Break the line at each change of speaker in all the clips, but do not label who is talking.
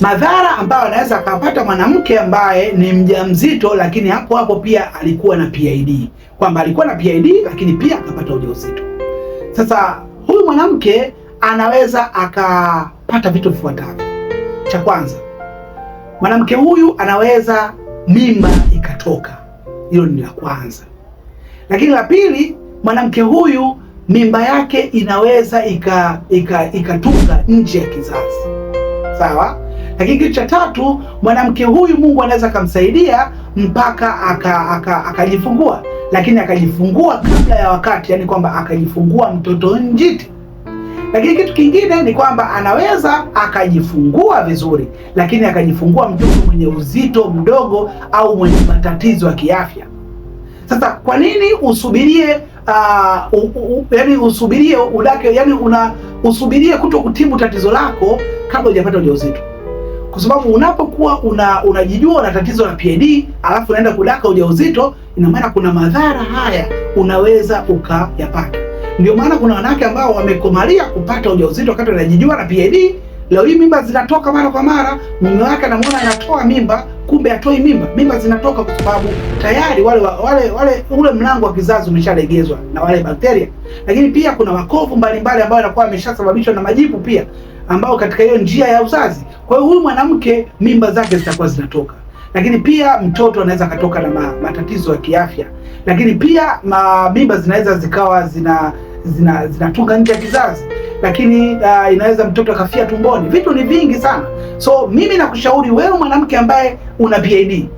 madhara ambayo anaweza akapata mwanamke ambaye ni mjamzito, lakini hapo hapo pia alikuwa na PID, kwamba alikuwa na PID lakini pia akapata ujauzito. Sasa huyu mwanamke anaweza akapata vitu vifuatavyo. Cha kwanza, mwanamke huyu anaweza mimba ikatoka, hilo ni la kwanza. Lakini la pili, mwanamke huyu mimba yake inaweza ikatunga ika, ika nje ya kizazi, sawa lakini kitu cha tatu, mwanamke huyu Mungu anaweza akamsaidia mpaka akajifungua aka, aka lakini akajifungua kabla ya wakati, yani kwamba akajifungua mtoto njiti. Lakini kitu kingine ni kwamba anaweza akajifungua vizuri, lakini akajifungua mtoto mwenye uzito mdogo au mwenye matatizo ya kiafya. Sasa kwa nini usubirie uh, yani usubirie udake, yani una usubirie kuto kutibu tatizo lako kabla hujapata ujauzito? kwa sababu unapokuwa una, unajijua una tatizo la PID alafu unaenda kudaka ujauzito, ina maana kuna madhara haya unaweza ukayapata. Ndio maana kuna wanawake ambao wamekomalia kupata ujauzito wakati wanajijua na PID Leo hii mimba zinatoka mara kwa mara, mume wake anamwona anatoa mimba, kumbe atoi mimba. Mimba zinatoka kwa sababu tayari wale wale wale ule mlango wa kizazi umeshalegezwa na wale bakteria. Lakini pia kuna makovu mbalimbali ambayo yanakuwa yameshasababishwa na majipu pia, ambao katika hiyo njia ya uzazi. Kwa hiyo huyu mwanamke mimba zake zitakuwa zinatoka lakini pia mtoto anaweza akatoka na matatizo ya kiafya, lakini pia mimba zinaweza zikawa zina zina, zinatoka nje ya kizazi, lakini uh, inaweza mtoto akafia tumboni. Vitu ni vingi sana, so mimi nakushauri wewe mwanamke ambaye una PID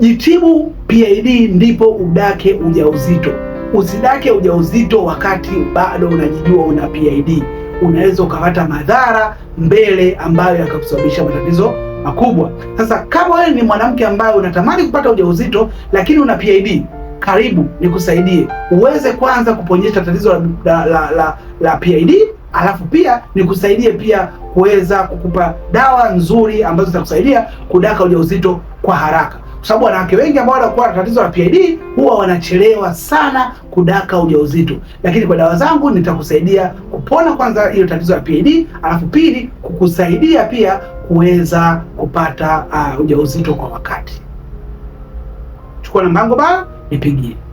jitibu PID, ndipo udake ujauzito. Usidake ujauzito wakati bado unajijua una PID, unaweza ukapata madhara mbele ambayo yakakusababisha matatizo makubwa. Sasa kama wewe ni mwanamke ambaye unatamani kupata ujauzito lakini una PID karibu nikusaidie uweze kwanza kuponyesha tatizo la, la, la, la, la PID alafu pia nikusaidie pia kuweza kukupa dawa nzuri ambazo zitakusaidia kudaka ujauzito kwa haraka, kwa sababu wanawake wengi ambao wanakuwa na tatizo la PID huwa wanachelewa sana kudaka ujauzito. Lakini kwa dawa zangu nitakusaidia kupona kwanza hiyo tatizo la PID, alafu pili kukusaidia pia kuweza kupata uh, ujauzito kwa wakati. Chukua namba yangu bana. হেঁটে গিয়ে